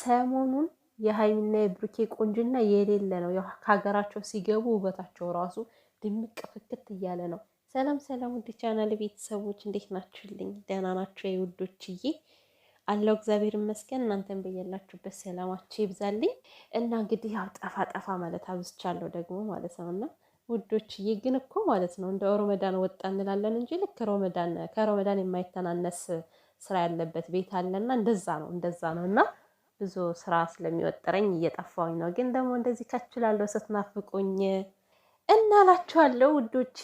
ሰሞኑን የሀይሚና የብሩኬ ቆንጅና የሌለ ነው። ያው ከሀገራቸው ሲገቡ ውበታቸው ራሱ ድምቅ ፍክት እያለ ነው። ሰላም ሰላም፣ ውድ ቻናል ቤተሰቦች እንዴት ናችሁልኝ? ደህና ናቸው የውዶችዬ አለው እግዚአብሔር ይመስገን። እናንተን በያላችሁበት ሰላማችሁ ይብዛልኝ። እና እንግዲህ ያው ጠፋ ጠፋ ማለት አብዝቻለሁ ደግሞ ማለት ነው እና ውዶችዬ ግን እኮ ማለት ነው እንደ ሮመዳን ወጣ እንላለን እንጂ ልክ ሮመዳን ከሮመዳን የማይተናነስ ስራ ያለበት ቤት አለና እንደዛ ነው እንደዛ ነው እና ብዙ ስራ ስለሚወጠረኝ እየጠፋውኝ ነው። ግን ደግሞ እንደዚህ ከችላለሁ ስትናፍቁኝ እና ውዶቼ።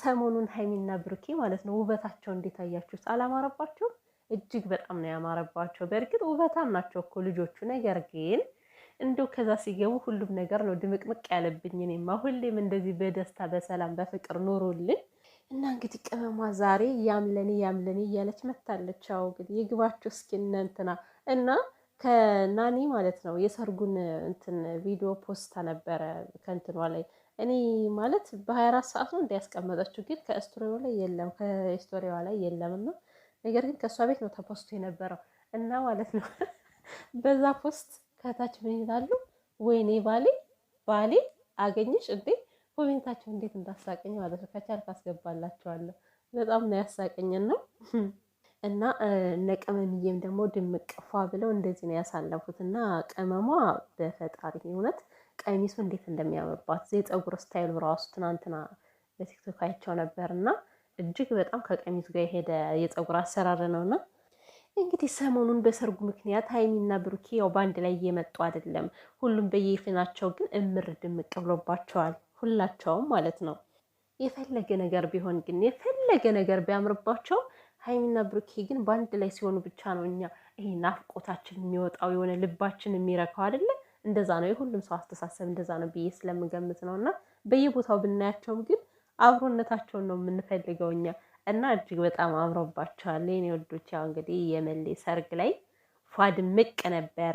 ሰሞኑን ሀይሚና ብሩኬ ማለት ነው ውበታቸው እንዴት አያችሁት? አላማረባችሁ? እጅግ በጣም ነው ያማረባቸው። በእርግጥ ውበታም ናቸው እኮ ልጆቹ። ነገር ግን እንደው ከዛ ሲገቡ ሁሉም ነገር ነው ድምቅምቅ ያለብኝ። እኔማ ሁሌም እንደዚህ በደስታ በሰላም በፍቅር ኑሮልን እና እንግዲህ ቅመሟ ዛሬ ያምለኔ ያምለኔ እያለች መታለች። አዎ እንግዲህ ይግባችሁ እስኪ እነ እንትና እና ከናኒ ማለት ነው የሰርጉን እንትን ቪዲዮ ፖስት ነበረ ከእንትኗ ላይ እኔ ማለት በ24 ሰዓት ነው እንዲያስቀመጠችው ግን ከስቶሪዋ ላይ የለም ከስቶሪዋ ላይ እና ነገር ግን ከእሷ ቤት ነው ተፖስቶ የነበረው እና ማለት ነው በዛ ፖስት ከታች ምን ይላሉ? ወይኔ ባሌ ባሌ አገኘሽ እንዴ! ኮሜንታቸው እንዴት እንዳሳቀኝ ማለት ነው። ከቻልክ አስገባላችኋለሁ። በጣም ነው ያሳቀኝን ነው እና እነ ቅመምዬም ደግሞ ድምቅ ፏ ብለው እንደዚህ ነው ያሳለፉት። እና ቅመሟ በፈጣሪ እውነት ቀሚሱ እንዴት እንደሚያምርባት የፀጉር ስታይሉ ራሱ ትናንትና በቲክቶክ አይቸው ነበር እና እጅግ በጣም ከቀሚሱ ጋር የሄደ የፀጉር አሰራር ነው። እና እንግዲህ ሰሞኑን በሰርጉ ምክንያት ሀይሚና ብሩኬ ያው በአንድ ላይ እየመጡ አይደለም፣ ሁሉም በየፊናቸው ግን እምር ድምቅ ብሎባቸዋል። ሁላቸውም ማለት ነው የፈለገ ነገር ቢሆን ግን የፈለገ ነገር ቢያምርባቸው ሀይሚና ብሩኬ ግን በአንድ ላይ ሲሆኑ ብቻ ነው እኛ ይሄ ናፍቆታችን የሚወጣው የሆነ ልባችን የሚረካው አይደለ? እንደዛ ነው የሁሉም ሰው አስተሳሰብ እንደዛ ነው ብዬ ስለምገምት ነው። እና በየቦታው ብናያቸውም ግን አብሮነታቸውን ነው የምንፈልገው እኛ እና እጅግ በጣም አምሮባቸዋል። የኔ ወዶች ያው እንግዲህ የመሌ ሰርግ ላይ ፏ ድምቅ ነበረ።